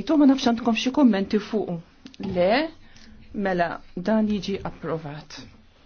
Jitu ma nafx għandkom xi kommenti fuq. Le, mela, dan jiġi approvat.